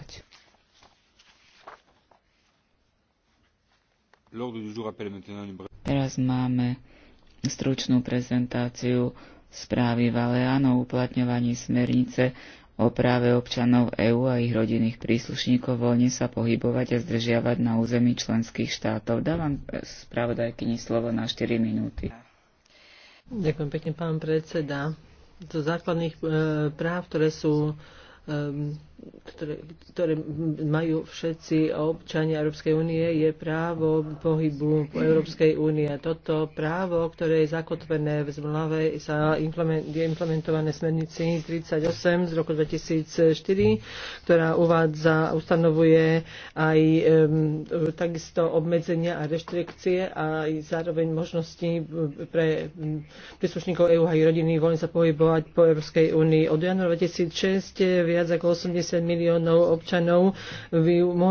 chápať. Teraz máme stručnú prezentáciu správy Valeano o uplatňovaní smernice o práve občanov EÚ a ich rodinných príslušníkov voľne sa pohybovať a zdržiavať na území členských štátov. Dávam eh, spravodajkyni slovo na 4 minúty. Ďakujem pekne, pán predseda. Do základných eh, práv, ktoré sú Ehm, ktoré, ktoré majú všetci občania Európskej únie, je právo pohybu Európskej únie. Toto právo, ktoré je zakotvené v zmlave, sa je implementované smernici 38 z roku 2004, ktorá uvádza, ustanovuje aj um, takisto obmedzenia a reštrikcie a aj zároveň možnosti pre mm, príslušníkov EU a rodiny voľne sa pohybovať po Európskej únii. Od januára 2006 viac ako 80 miliónov občanov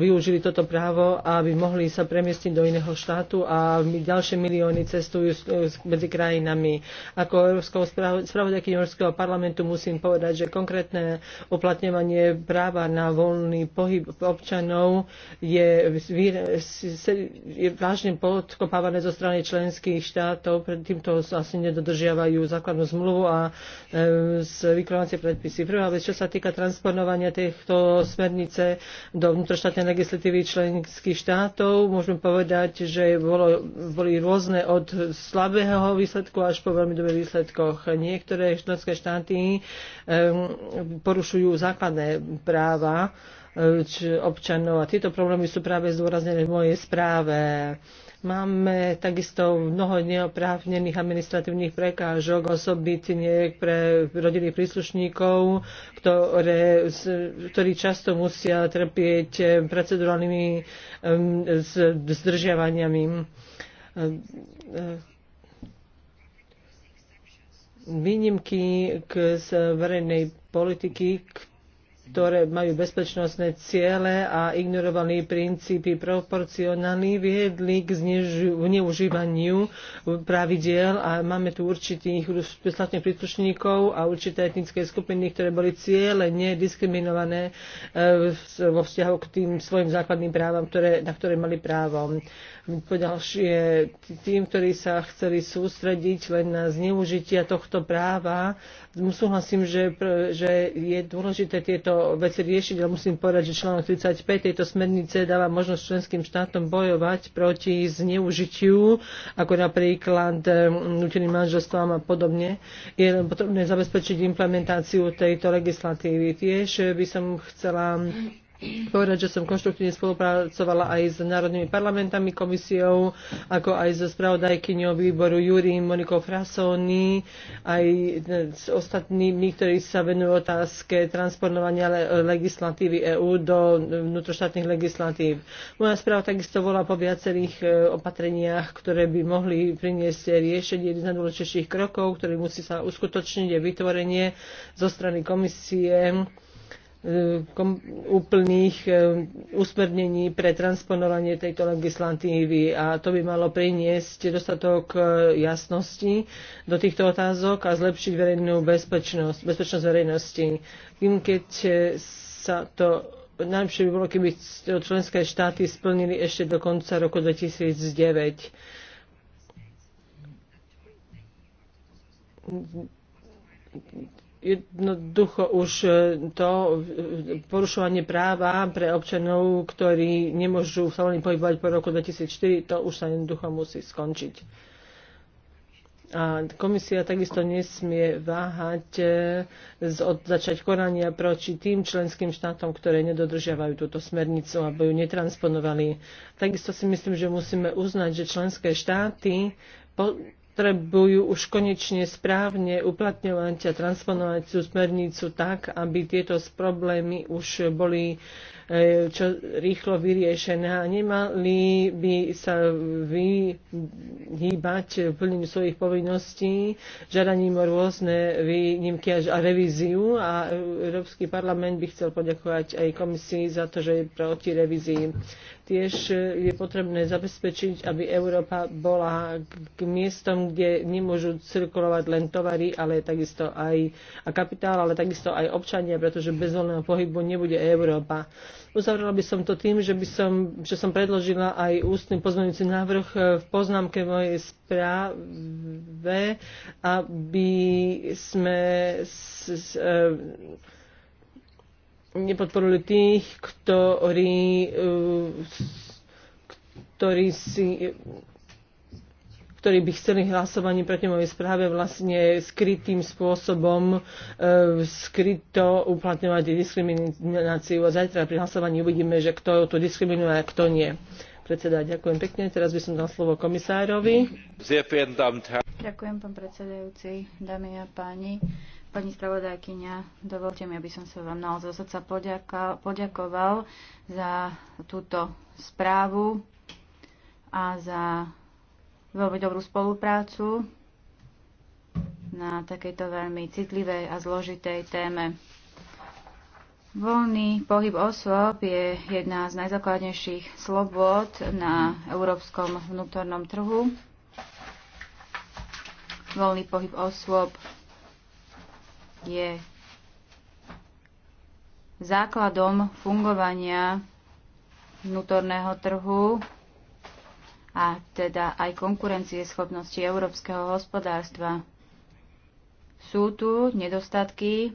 využili toto právo, aby mohli sa premiestniť do iného štátu a ďalšie milióny cestujú medzi krajinami. Ako Európskeho spravodajky Európskeho parlamentu musím povedať, že konkrétne uplatňovanie práva na voľný pohyb občanov je, je vážne podkopávané zo strany členských štátov. Pred týmto asi nedodržiavajú základnú zmluvu a e, z vykonávacie predpisy. Prvá vec, čo sa týka transponovania tejto smernice do vnútroštátnej legislatívy členských štátov. Môžeme povedať, že bolo, boli rôzne od slabého výsledku až po veľmi dobrých výsledkoch. Niektoré členské štáty porušujú základné práva e, občanov a tieto problémy sú práve zdôraznené v mojej správe. Máme takisto mnoho neoprávnených administratívnych prekážok, osobitne pre rodiny príslušníkov, ktoré, ktorí často musia trpieť eh, procedurálnymi zdržiavaniami eh, výnimky k z verejnej politiky, ktoré majú bezpečnostné ciele a ignorovali princípy proporcionálny, viedli k zneužívaniu pravidiel a máme tu určitých štátnych príslušníkov a určité etnické skupiny, ktoré boli cieľene nediskriminované e, vo vzťahu k tým svojim základným právam, ktoré, na ktoré mali právo. Poďalšie, tým, ktorí sa chceli sústrediť len na zneužitia tohto práva, súhlasím, že, že je dôležité tieto veci riešiť, ale musím povedať, že článok 35 tejto smernice dáva možnosť členským štátom bojovať proti zneužitiu, ako napríklad mm, nuteným manželstvám a podobne. Je len potrebné zabezpečiť implementáciu tejto legislatívy. Tiež by som chcela povedať, že som konštruktívne spolupracovala aj s národnými parlamentami, komisiou, ako aj so spravodajkyňou výboru Júri Monikou Frasoni, aj s ostatnými, ktorí sa venujú otázke transponovania legislatívy EÚ do vnútroštátnych legislatív. Moja správa takisto volá po viacerých e, opatreniach, ktoré by mohli priniesť riešenie jedných z najdôležitejších krokov, ktorý musí sa uskutočniť, je vytvorenie zo strany komisie E, úplných e, usmernení pre transponovanie tejto legislatívy a to by malo priniesť dostatok e, jasnosti do týchto otázok a zlepšiť verejnú bezpečnosť, bezpečnosť verejnosti. Kým keď sa to najlepšie by bolo, keby členské štáty splnili ešte do konca roku 2009 jednoducho už e, to e, porušovanie práva pre občanov, ktorí nemôžu sa len pohybovať po roku 2004, to už sa jednoducho musí skončiť. A komisia takisto nesmie váhať e, od začať konania proti tým členským štátom, ktoré nedodržiavajú túto smernicu alebo ju netransponovali. Takisto si myslím, že musíme uznať, že členské štáty po potrebujú už konečne správne uplatňovať a transponovať tú smernicu tak, aby tieto problémy už boli E, čo rýchlo vyriešená. Nemali by sa vyhýbať plneniu svojich povinností, žiadaním o rôzne výnimky a revíziu a Európsky parlament by chcel poďakovať aj komisii za to, že je proti revízii. Tiež je potrebné zabezpečiť, aby Európa bola k miestom, kde nemôžu cirkulovať len tovary, ale takisto aj a kapitál, ale takisto aj občania, pretože bez voľného pohybu nebude Európa. Uzavrela by som to tým, že, by som, že som predložila aj ústny pozmeňujúci návrh e, v poznámke mojej správe, aby sme s, s, e, nepodporili tých, ktorí, e, ktorí si ktorí by chceli hlasovanie proti mojej správe vlastne skrytým spôsobom e, skryto uplatňovať diskrimináciu. A zajtra pri hlasovaní uvidíme, že kto to diskriminuje a kto nie. Predseda, ďakujem pekne. Teraz by som dal slovo komisárovi. Ďakujem, pán predsedajúci, dámy a páni. Pani spravodajkyňa, dovolte mi, aby som sa vám naozaj srdca poďakoval za túto správu a za veľmi dobrú spoluprácu na takejto veľmi citlivej a zložitej téme. Voľný pohyb osôb je jedna z najzákladnejších slobod na európskom vnútornom trhu. Voľný pohyb osôb je základom fungovania vnútorného trhu a teda aj konkurencieschopnosti európskeho hospodárstva. Sú tu nedostatky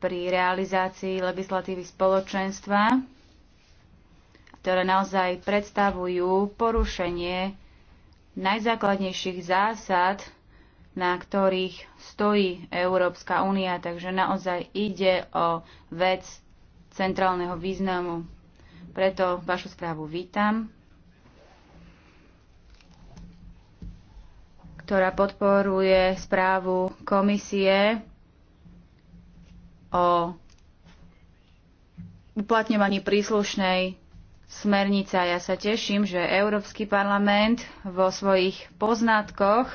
pri realizácii legislatívy spoločenstva, ktoré naozaj predstavujú porušenie najzákladnejších zásad, na ktorých stojí Európska únia, takže naozaj ide o vec centrálneho významu. Preto vašu správu vítam ktorá podporuje správu komisie o uplatňovaní príslušnej smernice. A ja sa teším, že Európsky parlament vo svojich poznatkoch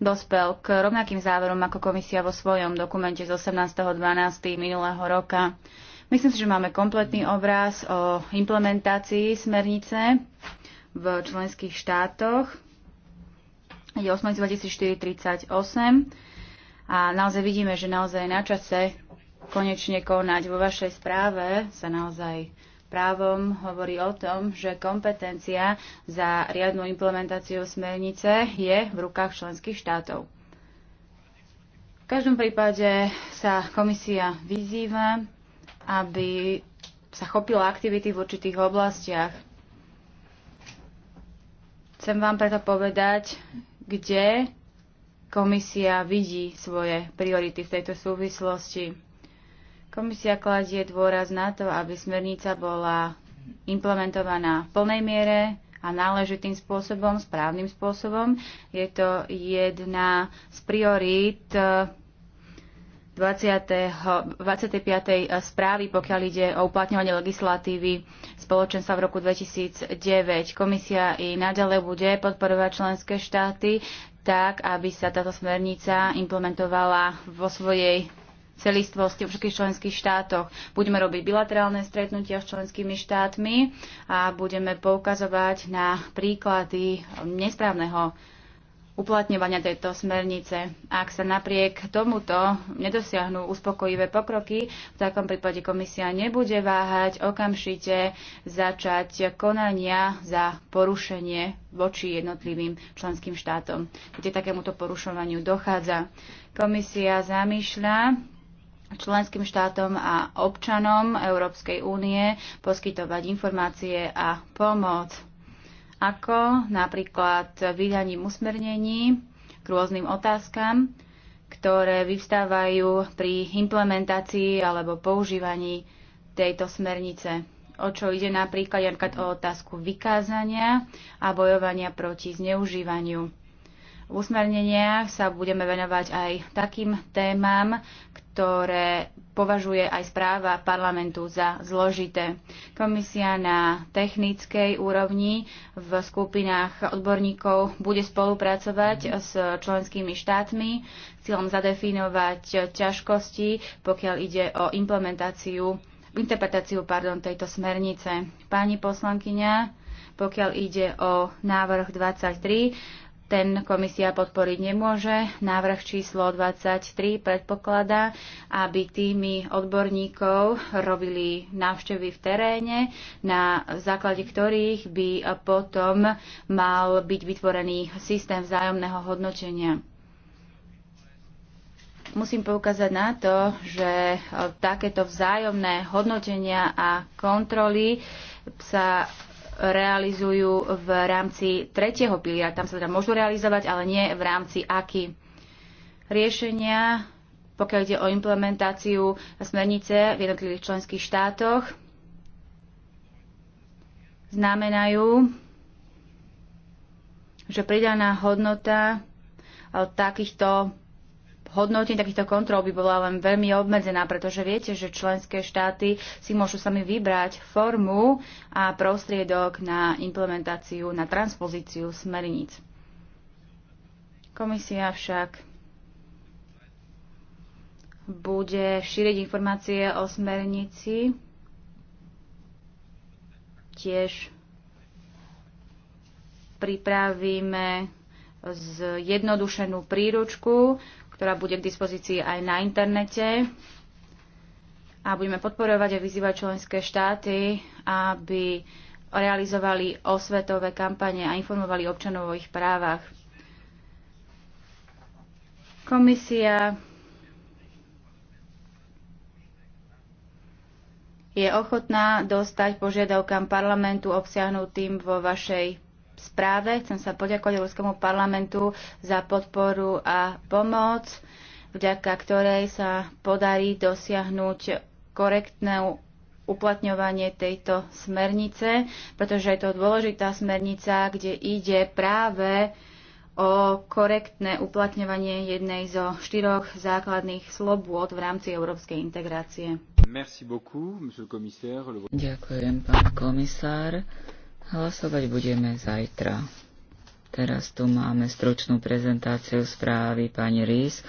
dospel k rovnakým záverom ako komisia vo svojom dokumente z 18.12. minulého roka. Myslím si, že máme kompletný obraz o implementácii smernice v členských štátoch je 8. a naozaj vidíme, že naozaj na čase konečne konať. Vo vašej správe sa naozaj právom hovorí o tom, že kompetencia za riadnu implementáciu smernice je v rukách členských štátov. V každom prípade sa komisia vyzýva, aby sa chopila aktivity v určitých oblastiach. Chcem vám preto povedať, kde komisia vidí svoje priority v tejto súvislosti. Komisia kladie dôraz na to, aby smernica bola implementovaná v plnej miere a náležitým spôsobom, správnym spôsobom. Je to jedna z priorít 20. 25. Eh, správy, pokiaľ ide o uplatňovanie legislatívy spoločenstva v roku 2009. Komisia i naďalej bude podporovať členské štáty tak, aby sa táto smernica implementovala vo svojej celistvosti v všetkých členských štátoch. Budeme robiť bilaterálne stretnutia s členskými štátmi a budeme poukazovať na príklady nesprávneho uplatňovania tejto smernice. Ak sa napriek tomuto nedosiahnu uspokojivé pokroky, v takom prípade komisia nebude váhať okamžite začať konania za porušenie voči jednotlivým členským štátom, kde takémuto porušovaniu dochádza. Komisia zamýšľa členským štátom a občanom Európskej únie poskytovať informácie a pomoc ako napríklad vydaním usmernení k rôznym otázkam, ktoré vyvstávajú pri implementácii alebo používaní tejto smernice. O čo ide napríklad napríklad o otázku vykázania a bojovania proti zneužívaniu. V usmerneniach sa budeme venovať aj takým témam, ktoré považuje aj správa parlamentu za zložité. Komisia na technickej úrovni v skupinách odborníkov bude spolupracovať s členskými štátmi s cieľom zadefinovať ťažkosti, pokiaľ ide o implementáciu interpretáciu pardon, tejto smernice. Pani poslankyňa, pokiaľ ide o návrh 23, ten komisia podporiť nemôže. Návrh číslo 23 predpokladá, aby týmy odborníkov robili návštevy v teréne, na základe ktorých by potom mal byť vytvorený systém vzájomného hodnotenia. Musím poukázať na to, že takéto vzájomné hodnotenia a kontroly sa realizujú v rámci tretieho pilia. Tam sa teda môžu realizovať, ale nie v rámci aký Riešenia, pokiaľ ide o implementáciu smernice v jednotlivých členských štátoch, znamenajú, že pridaná hodnota takýchto hodnotenie takýchto kontrol by bola len veľmi obmedzená, pretože viete, že členské štáty si môžu sami vybrať formu a prostriedok na implementáciu, na transpozíciu smerníc. Komisia však bude šíriť informácie o smernici tiež pripravíme zjednodušenú príručku ktorá bude k dispozícii aj na internete. A budeme podporovať a vyzývať členské štáty, aby realizovali osvetové kampane a informovali občanov o ich právach. Komisia je ochotná dostať požiadavkám parlamentu obsiahnutým vo vašej správe. Chcem sa poďakovať Európskemu parlamentu za podporu a pomoc, vďaka ktorej sa podarí dosiahnuť korektné uplatňovanie tejto smernice, pretože je to dôležitá smernica, kde ide práve o korektné uplatňovanie jednej zo štyroch základných slobôd v rámci európskej integrácie. Merci beaucoup, monsieur le commissaire. Ďakujem, pán komisár. Hlasovať budeme zajtra. Teraz tu máme stručnú prezentáciu správy pani Rís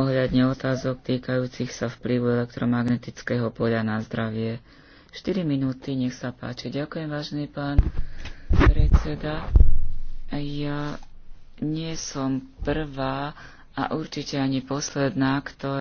ohľadne otázok týkajúcich sa vplyvu elektromagnetického poľa na zdravie. 4 minúty, nech sa páči. Ďakujem, vážny pán predseda. Ja nie som prvá a určite ani posledná, ktorá